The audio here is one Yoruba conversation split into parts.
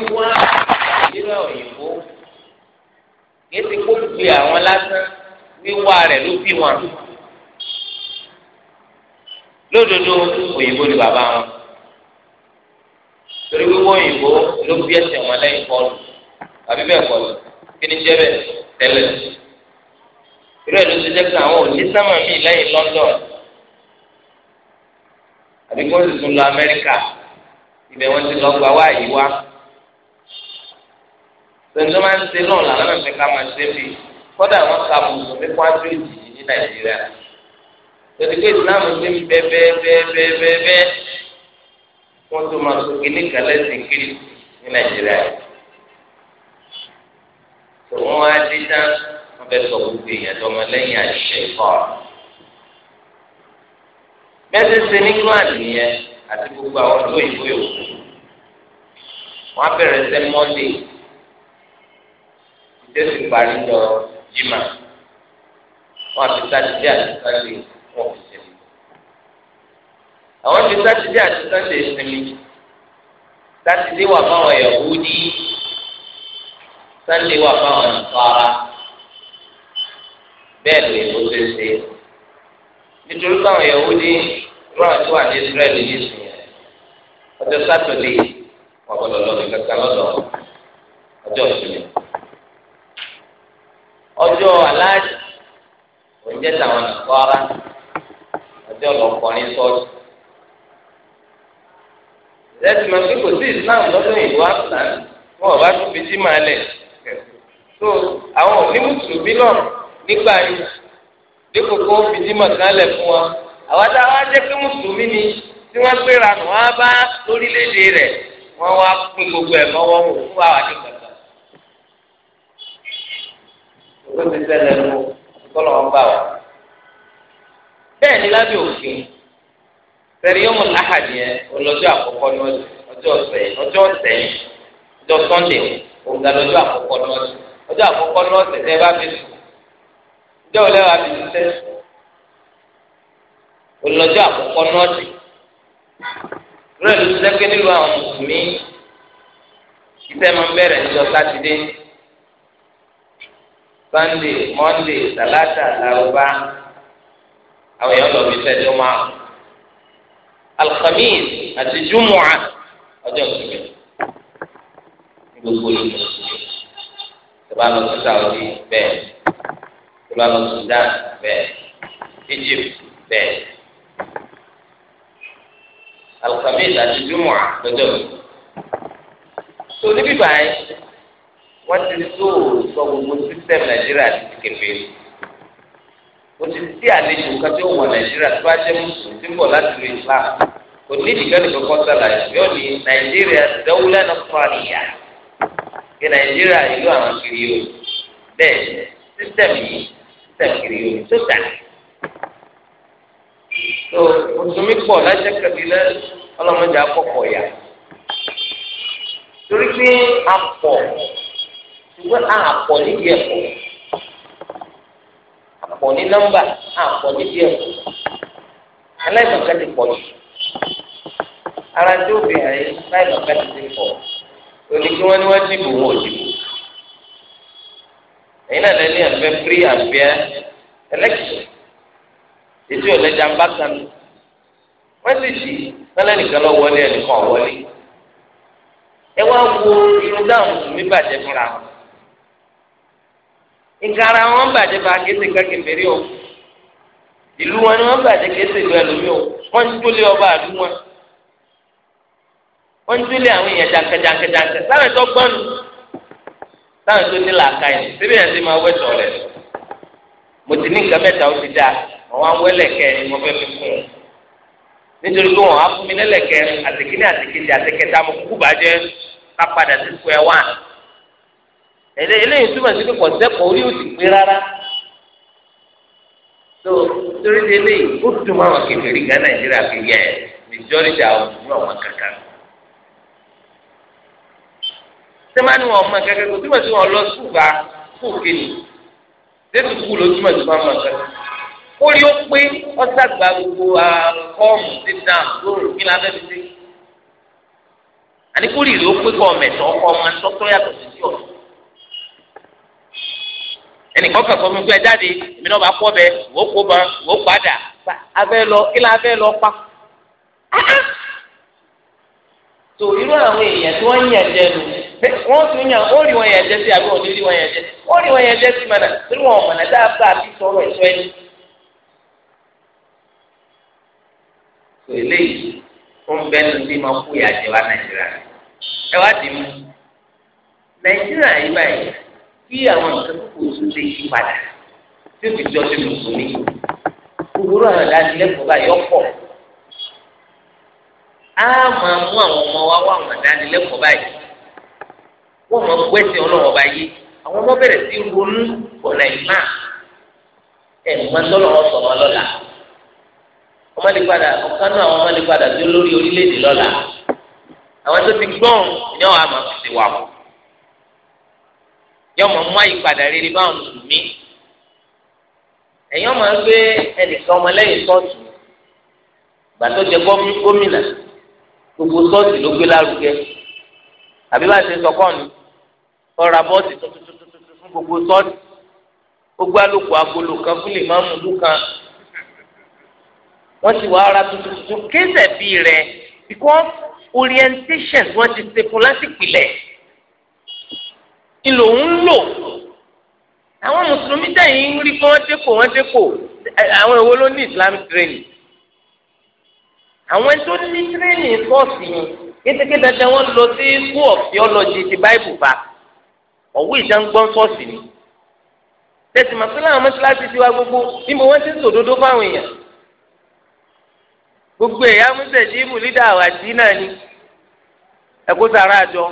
wíwá ìdílé òyìnbó kìí ti kó gbé àwọn lásán wíwá rẹ̀ ló bí wọn lódodo òyìnbó ni bàbá wọn torí wíwá òyìnbó ló bí ẹsẹ̀ wọn lẹ́yìn kọlù àbí bẹ́ẹ̀ kọlù kí ni jẹ́ bẹ́ẹ̀ tẹ́lẹ̀ irú ẹ̀ ló ti jẹ́ pé àwọn òní sámà mí lẹ́yìn London àbí kó sì tún lọ Amẹ́ríkà ibẹ̀ wọ́n ti lọ gba wáyé wá pẹ̀lú máa ń ṣe náà làwọn náà fi ká máa ṣe bí kọ́dà wọn ka mùsùlùmí kó ájú ìjì ní nàìjíríà tòtí pé ìsìláàmù ti ń bẹ bẹ bẹ bẹ bẹ bẹ wọn tó máa sọ kí ní kàlẹ́ sí kiri ní nàìjíríà tó wọn á dé tán wọn bẹ sọ gbogbo èèyàn tó ọmọ lẹ́yìn àṣẹ kọ́ bẹ́ẹ̀ ṣe ní kíláàsì yẹn àti gbogbo àwọn olóyìnbó yòókù wọn á bẹ̀rẹ̀ sẹ́ mọ́ndé jésù parí lọ jimá wọn fi sátidé àti sátidé wọn fi sinmi àwọn fi sátidé àti sátidé sinmi sátidé wà fáwọn Yahudi sátidé wà fáwọn Nasara bẹ́ẹ̀ lè bó ṣe ṣe nítorí fáwọn Yahudi rọ àti wà ní Israẹli yìí sìn ọjọ́ sátidé wọn gbọ́dọ̀ lọ sí kankan lọ́dọ̀ ọjọ́ ìsinmi ọjọ́ aláàjì oúnjẹ tàwọn nàkọ́ra ọjọ́ lọ́kọ̀ọ́rin sọ́ọ̀tù. lẹ́sìn máa ń pé kò sí Islam lọ́dún ìlú àpùtà wọn ò bá tún fi sí màá lẹ̀. tó àwọn òní mùsùlùmí náà nígbà yìí dípò kó fi sí màá lẹ̀ fún wa àwọn táwọn á jẹ́ pé mùsùlùmí ni tí wọ́n gbéra nù wọ́n á bá lórílẹ̀‐èdè rẹ̀ wọ́n wá pín gbogbo ẹ̀ mọ́wọ́ wọn fún àwọn àdìgbà pé mi ṣẹlẹ̀ nu kọlọ wọn bá wa bẹ́ẹ̀ ni lábẹ́ òfin tẹ̀lé yóò mú láhàdì yẹn ọlọ́jọ́ àkọ́kọ́ ní ọjọ́ ọ̀sẹ̀ ọjọ́ ọ̀sẹ̀ yìí ọjọ́ sọ́ndé òǹgà lọ́jọ́ àkọ́kọ́ ní ọ̀sẹ̀ ọjọ́ àkọ́kọ́ ní ọ̀sẹ̀ tẹ́ bá fi sùn ọjọ́ ọ̀lẹ́wà fi ṣiṣẹ́ ọlọ́jọ́ àkọ́kọ́ ní ọ̀sẹ̀ rẹ̀ ló ṣiṣẹ́ pé nílùú àwọn mùsùlùmí iṣẹ́ máa ń bẹ̀rẹ̀ níjọ́ sátidé sunday monday talata laruba àwọn èèyàn lọ fi fẹ́ tó máa alhamis àti jumua ọjọ́ kìíní gbogbo ìlú tọba lọ sí saudi bẹ́ẹ̀ tọba lọ sí sudan bẹ́ẹ̀ egypt bẹ́ẹ̀ alhamis àti jumua ọjọ́ kìíní. tó níbí báyìí wọ́n ti tó sọ gbogbo sísẹ́m nàìjíríà ti kẹfẹ́ o ti sí àlejò kan tí ó wọ nàìjíríà tó bá jẹ́ mùsùlùmí bọ̀ láti lu islam kò ní ìdíkẹ́ni kankan sàlàyé yóò ní nàìjíríà dẹ́wúlẹ́ náà fún àníyá kí nàìjíríà ìlú àwọn kiri yóò bẹ́ẹ̀ sísẹ́m yìí sísẹ́m kiri yóò ní sójà tó mùsùlùmí pọ̀ lájẹ́ kẹfìlẹ́ ọlọ́mọdé akọ̀kọ̀ yá torí pé a pọ̀ ṣùgbọ́n àpọ̀ níbi ẹ̀kọ́ àpọ̀ ní nọ́mbà àpọ̀ níbi ẹ̀kọ́ aláìmọ̀ká ti pọ̀ jù ara tí ó fi hàn yín aláìmọ̀ká ti ti pọ̀ òní kí wọ́n ní wọ́n dìbò wọn dìbò èyí náà lẹ́ni àfẹ́ free and fair election ètò ìlẹ́jà ń bá kan wọ́n sì dì lọ́lẹ́ nìkan lọ́ wọlé ẹnìkan wọlé ẹ wá wo irun dáhùn sùn bàjẹ́ fúnra wọn nǹkan ara wọn bàjẹ́ bá kéésì kékeré rí o ìlú wọn ni wọn bàjẹ́ kéésì ìlú ẹlòmíì o wọn ń jólé ọba àdú wọn wọn ń jólé àwọn èèyàn jankajankajanka láwọn tó gbọ́n nù láwọn tó ní làákàyè síbi yẹn ti máa wẹ̀tọ̀ rẹ̀ mo ti ní nǹkan mẹ́ta ó ti dáa wọn wá ń mo fẹ́ fi fún un nítorí pé wọn á fún mi nílẹ̀ kẹ́rin àtìkíní àtìkíní mo kúkú bàjẹ́ ká padà sí square one eléyìí túmọ̀ sí pé kò sẹ́kọ̀ọ́ orí ò sì pé rárá tó torí de eléyìí ó dùn mọ́ àwọn kékeré gan nàìjíríà fi yẹ majority àwọn òṣùwọ̀n àwọn kankan sẹ́mánì wọn ọmọ kankan kò túmọ̀ sí wọn lọ sùgbà fún òkèlè lẹ́tù kú ló túmọ̀ sí wọn ọmọ kankan ó rí ó pé ọ̀sàgbà gbogbo fọ́ọ̀mù dídá lóru kí lásán ti dé àníkó rí rí ó pé kọ́ ọmọ ẹ̀tọ́ ọmọ ẹ̀tọ́ tó yàtọ̀ sí ọ̀tún ẹnìkan kan sọ fún pé jáde èmi náà bá kọ́ bẹ wò ó kó bọ wò ó padà abẹ́ lọ kí la abẹ́ lọ pa. tó ah, ah. irú àwọn èèyàn tí wọ́n ń yàn jẹ nù wọ́n tún yàn ó rí wọn yàn jẹ sí àbí wọn ò ní rí wọn yàn jẹ ó rí wọn yàn jẹ sí mọ̀nà torí wọn ò mọ̀nà dáadáa bí sọ̀rọ̀ ẹ̀sọ́ ẹni. tó eléyìí ó ń bẹ́ẹ̀ ní bí máa kú ìyàjẹ́ wa nàìjíríà ẹ wá dì í mú nàìjíríà yìí báyìí bí àwọn nǹkan kò lè yí padà tí o ti jọ sí mùsùlùmí gbogbo àwọn ìdánilẹ́kọ̀ọ́ báyọ̀ pọ̀ á máa mú àwọn ọmọ wa wá àwọn ìdánilẹ́kọ̀ọ́ báyìí wọ́n máa gbẹ́sẹ̀ ọlọ́wọ́ báyìí àwọn ọmọ bẹ̀rẹ̀ sí ronú ọ̀nà ìmá ẹ̀gbọ́n tọ́lọ́wọ́ sọ̀rọ̀ lọ́la ọmọdé padà ọ̀kan náà àwọn ọmọdé padà tó lórí orílẹ̀-èdè lọ́la àwọn tó ti gbọ́n ni wọ́n á máa fi ṣe wà fún un yọmọ mú àyípadà rere báwọn mùsùlùmí ẹ̀yọ́ máa ń gbé ẹnìkan ọmọlẹ́yìn sọ́ọ̀tù gbàtọ́ jẹ gómìnà gbogbo sọ́ọ̀tù ló gbé lárugẹ àbí bá a ṣe sọ kọ́ọ̀nù ọ̀rọ̀ abọ́ọ̀sì tuntun fún gbogbo sọ́ọ̀tù gbogbo alùpùpù agolo kan fún lè máa mú lù kan wọ́n ti wá ara tuntun tuntun kéésẹ̀ bíi rẹ̀ because orientation wọ́n ti ṣe fún lásìkò ilẹ̀ ńlò ń lò àwọn mùsùlùmí dẹ̀yìn ń rí kí wọ́n dépò wọ́n dépò àwọn èwo ló ní islamic training àwọn tó ní training kọ́ọ̀sì yẹn kékeré dandan wọn lọ sí school of theology ti bible bá ọ̀wé ìdáǹgbọ́n sọ́ọ̀sì ni tẹ̀sí màsílá àwọn mọ́sálásí ti wá gbogbo níbo wọ́n ti ń sòdodo fáwọn èèyàn gbogbo ẹ̀yà mùsẹ̀ jíìmù lídà àwàdí náà ni ẹ̀kú sàrà àjọ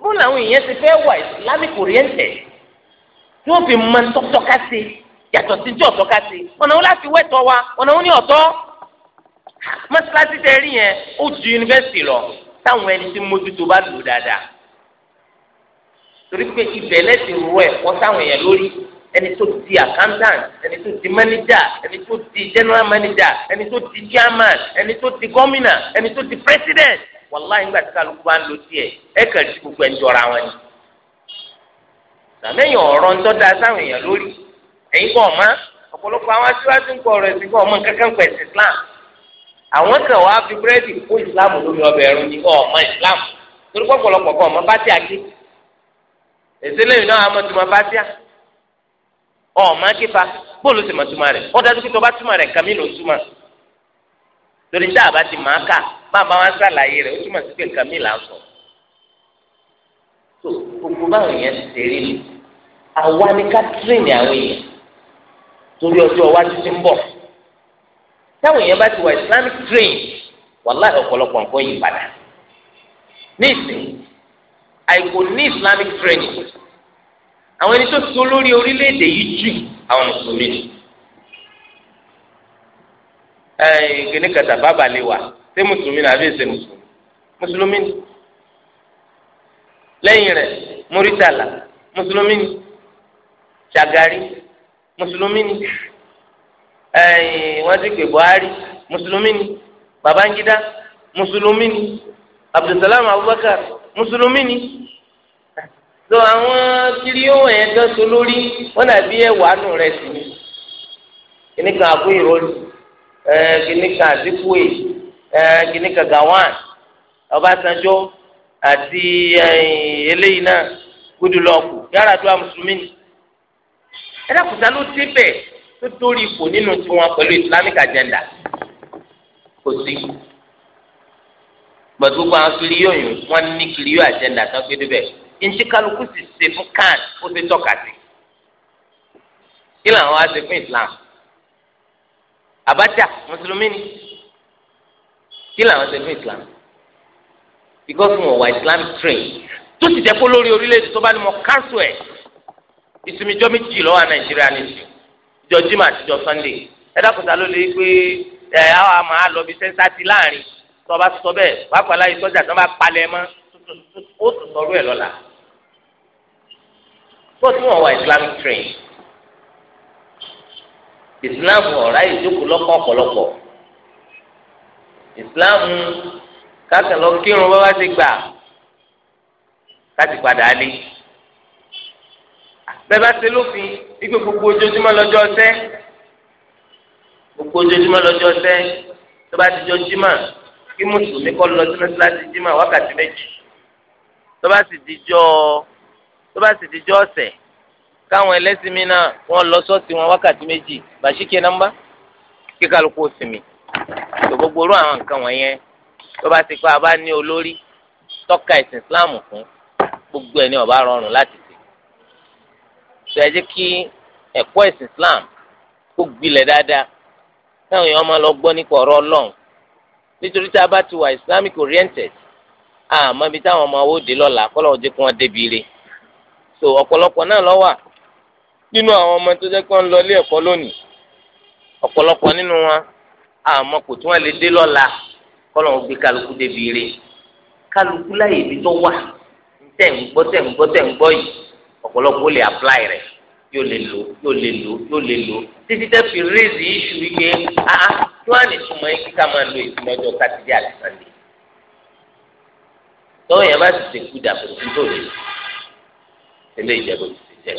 fún làwọn èèyàn ti fẹ́ wà islamic oriented tí wọ́n fi mọ tọ́tọ́ká sí yàtọ̀ sí tí ọ̀tọ́ká sí ọ̀nà wọn láti wẹ̀tọ̀ wa ọ̀nà wọn ní ọ̀tọ̀ mọ́sálásí tẹ rí yẹn ó ju yunifásitì lọ táwọn ẹni tí mójútó bá lò dáadáa torí pé ibẹ̀ lẹ́sìn rú ẹ̀kọ́ táwọn èèyàn lórí ẹni tó di accountant ẹni tó di manager ẹni tó di general manager ẹni tó di chairman ẹni tó di gómìnà ẹni tó di president wàláyé ńgbà tí kálukú bá ń lo tiẹ̀ ẹ kàn sí gbogbo ẹ̀ jọra wọn ni. sàmẹ́yìn ọ̀rọ̀ ń tọ́ da sáwọn èèyàn lórí ẹ̀yin kọ́ ọ̀ma ọ̀pọ̀lọpọ̀ àwọn aṣíwájú ń kọ ọ̀rọ̀ ẹ̀sìn ọmọ kankan pẹ̀ Islam àwọn kan wàá fi búrẹ́dì kó Islam lórí ọbẹ̀ Islam torí pọ̀pọ̀lọpọ̀ kọ́ ọmọ lẹ́yìn náà bóòlù sì pé tó bá túmọ̀ rẹ̀ bàbá wa ń ṣàlàyé rẹ̀ ó túmọ̀ sí pé nǹkan mi sọ. tó gbogbo báwọn èèyàn ti tẹ̀lé ni àwa ni ká tírìnì àwọn èèyàn torí ọjọ́ iwájú ti ń bọ̀ táwọn èèyàn bá ti wà islamic train wàláhì ọ̀pọ̀lọpọ̀ nǹkan yìí padà nísìnyí àìkò ní islamic train àwọn ẹni tó so lórí orílẹ̀-èdè yìí jù àwọn mùsùlùmí ni. ẹ ẹ kìnnìkan tàbá balẹ̀ wà ṣé mùsùlùmí náà àbí èsè mùsùlùmí mùsùlùmí ni lẹ́yìn rẹ̀ muritala mùsùlùmí ni sagari mùsùlùmí ni ẹ̀yìn wọ́n ti pè buhari mùsùlùmí ni babangida mùsùlùmí ni abdulsalam abubakar mùsùlùmí ni tó àwọn kiriyó ẹ̀yẹn tó so lórí wọn nàbí ẹwà nù rẹ sí i kìnnìkan àkúyèrò ẹ kìnnìkan àdínkù èyí kìnnì kagawan Ọbásanjọ́ àti eléyìí náà gúdúlọ́ọ̀kù yàrá àdúrà mùsùlùmí ni ẹ dàkúta ló débẹ̀ tó torí ipò nínú tiwọn pẹ̀lú islamic agenda kò sí gbàdúgbò àwọn kiri yóò yùn wọn ní kiri yóò agenda tán pé débẹ̀ ntí kálukú sì ṣe fún kan ó ti tọ́ka sí kí làwọn á ṣe fún islam Abacha mùsùlùmí ni kí làwọn ṣe fún islam because wọn wà islam train tó ti jẹ́ kó lórí orílẹ̀-èdè tó bá ní mo cancel ẹ̀ ìsinmi jọ́ méjì lọ́wọ́ nàìjíríà ní ìsìn ìjọ jimá àtijọ́ sunday ẹ dákúta ló lè pé ẹ àwọn àmọ́ àlọ́ bíi sẹ́ńsátì láàrin tó bá sọ bẹ́ẹ̀ wàá pàlà yìí sọ́jà tó bá palẹ̀ mọ́ ó tún sọ̀rọ̀ ẹ̀ lọ́la bó tí wọn wà islam train islam ọ̀rá ìjókòó lọ́kọ̀ ọ̀pọ̀lọpọ̀ ìsìláàmù káàkiri lọ kírun bá wá ti gbà láti padà lé bẹ́ẹ̀ bá ṣe lófin wípé gbogbo ojoojúmọ́ lọ́jọ́ ọ̀sẹ̀ gbogbo ojoojúmọ́ lọ́jọ́ ọ̀sẹ̀ tó bá ti jọ jímà kí mùsùlùmí kọ́ lọ sí mẹ́sàlásì jímà wákàtí méjì tó bá sì di jọ tó bá sì di jọ ọ̀sẹ̀ káwọn ẹlẹ́sìn mi náà wọ́n lọ sọ́ọ̀tì wọn wákàtí méjì bàṣíkì nọ́mbà kí kálukú sinmi tó gbogbo orú àwọn nǹkan wọ̀nyẹn tó bá ti pa bá ní olórí tọ́ka ẹ̀sìn islam fún gbogbo ẹ̀ ní ó bá rọrùn láti ṣe tó ẹ jẹ́ kí ẹ̀kọ́ ẹ̀sìn islam kó gbilẹ̀ dáadáa táwọn èèyàn máa lọ gbọ́ nípa ọ̀rọ̀ ọlọ́run nítorí tá a bá ti wà islamic oriented àmọ́ ibi táwọn ọmọ owó dé lọ́la kọ́lọ́ ọdẹ kí wọ́n débi ire so ọ̀pọ̀lọpọ̀ náà ló wà nínú àwọn ọmọ tó jẹ́ pé wọ́n lọ ilé ẹ̀kọ́ lónìí ọ̀pọ̀lọpọ̀ nínú wọn àmọ́ kò tí wọ́n lè dé lọ́la kọ́lọ́ gbé kálukú débi rè kálukú láyè ibi tó wà tẹ̀ ń gbọ́ tẹ̀ ń gbọ́ tẹ̀ ń gbọ́ yìí ọ̀pọ̀lọpọ̀ lè apply rẹ̀ yóò lè lò yóò lè lò yóò lè lò títí tẹ́ fi raise issue yìí ah tí wọ́n á lè túmọ̀ yín kíkà máa lo ìtumọ̀ ọjọ́ sátidé àti sànńdé tọ́wọ́ yẹn bá ti ṣe kú dàbò tó lè tẹ̀lé ìjẹ́bù ti ṣe jẹ́.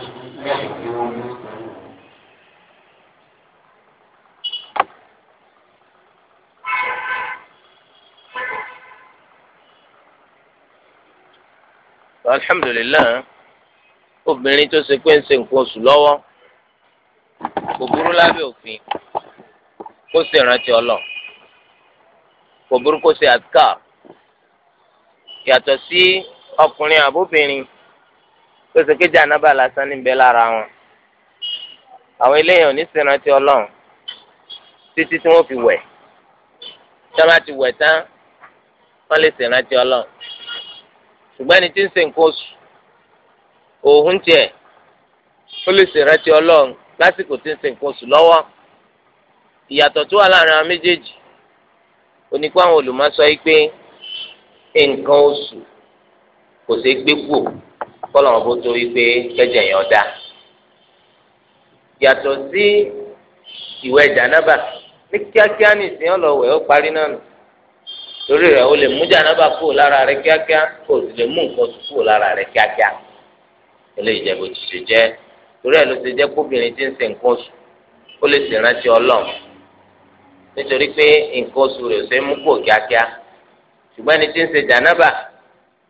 alhamdulilayi obìnrin tó ṣe pé ń ṣe nǹkan oṣù lọ́wọ́ kò burú lábẹ́ òfin kó sì rántí ọlọ kò burú kó sì àtìkà yàtọ̀ sí ọkùnrin àbóbìnrin tó ṣe kéjà anábà lásán níbẹ̀ lára wọn àwọn eléyàn ò ní sì rántí Ọlọ́run títí tí wọ́n fi wẹ̀ tí wọ́n bá ti wẹ̀ tán wọ́n lè sì rántí Ọlọ́run ṣùgbọ́n ẹni tí ń ṣe nǹkan oṣù òun tiẹ̀ ó lè ṣèrántí ọlọ́run lásìkò tí ń ṣe nǹkan oṣù lọ́wọ́ ìyàtọ̀ tó wà láàrin àwọn méjèèjì onípa àwọn olùmọ̀ sọ yìí pé nǹkan oṣù kò ṣeé gbé kù kọ́lọ̀ wọn bó tó yìí pé kẹ́jẹ̀ yẹn ọ̀dà yàtọ̀ sí ìwẹ̀ jànábà ní kíákíá nìsín ọlọ́wẹ̀ ó parí náà nù torí rẹ̀ o lè mú jànábà kúrò lára rẹ̀ kíákíá kò sì lè mú nǹkan sùn kúrò lára rẹ̀ kíákíá eléyìí jẹ́ bó ti ṣe jẹ́ torí ẹ̀ ló ti jẹ́ kóbìnrin tí ń ṣe nǹkan oṣù ó lè sì rántí Ọlọ́run nítorí pé nǹkan oṣù rẹ̀ ṣe mú kúrò kíákíá ṣùgbọ́n ẹni tí ń ṣe jànábà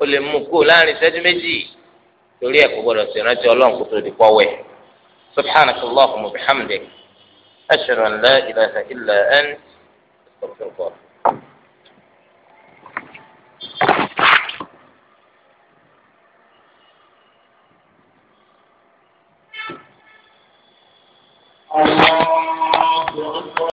ó lè mú kúrò láàrin ìṣẹ́jú méjì torí ẹ̀ kò gbọ́dọ̀ sì rántí Ọlọ́run kó tó di pọ́wẹ́ subhanaka wa bihamdik ashhadu an